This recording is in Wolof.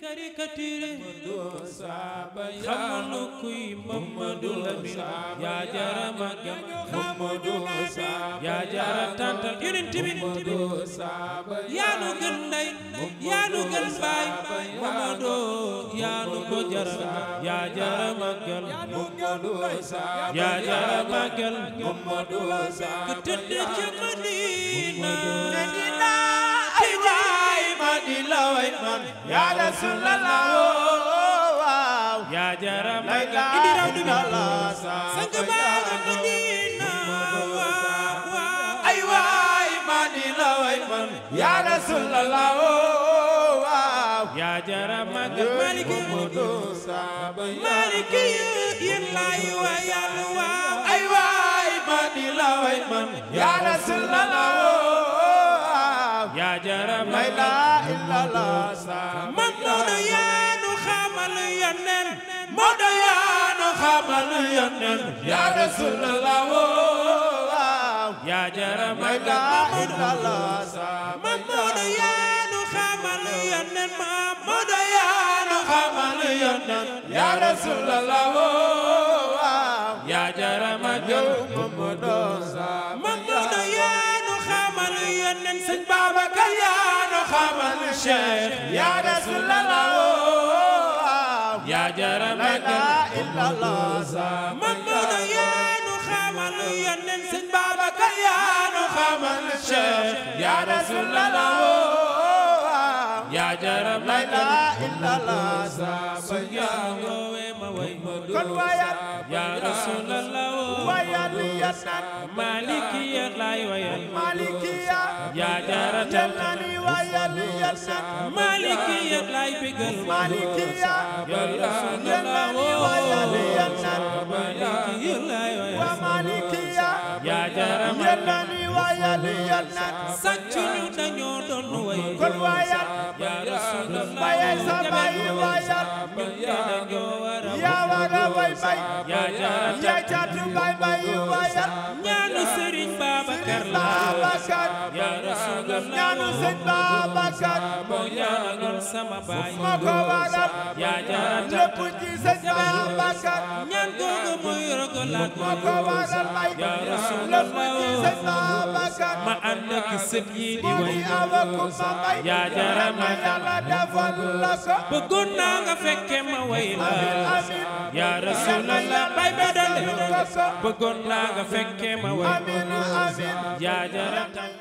caricature xamuñu kuy Mamadou Lamine yaa jara magam Mamadou yaa jara tantal yonent bi yaa nu gën ndey yaa nu gën baay Mamadou yaa nu ko jara yaa jara magal yaa jara magal ku tëdd ci Madina ila way man ya rasulallah waaw jaram la ga indi raw du la sa sang ba ga madina jarama la ilaha illallah man noonu yaa nu xamal yonent moo do yaa nu xamal yonent ya rasulallah oh, waaw ya jarama la ilaha illallah man noonu yaa nu xamal yonent moo do yaa nu xamal yonent ya rasulallah oh, xamal Cheikh ya Rasulallah ya jaramaka illallah man munu yaanu xamal yonen Sëñ Babacar yaanu xamal Cheikh ya Rasulallah ya jaramaka illallah sa yaawe ma way ma yaa rasuulallah wayal ya naan malikiya laay wayal malikiya yaa jaaratal maliki ya lay bégal maliki ya maliki ya yaa jaaratal sàccuñu dañoo doon way kon waayal yaa Rasulallah bayal sa bayi waayal yaa wara way bay yaa jaatu bay bayi waayal ñaanu Babacar ya Rasulullah ñaanu sëñ Babacar mo ñaanal sama baay ma ko waral ya jaara lépp ci sëñ Babacar ñaan googu مطلقا وانا البيت للمجيز سابقا ما أنك سبيدي وإياكم ما بيت يا جرما يلا دفلك بقنا فك ما ويلا يا رسول الله باي بدل بقنا فك ما ويلا يا جرما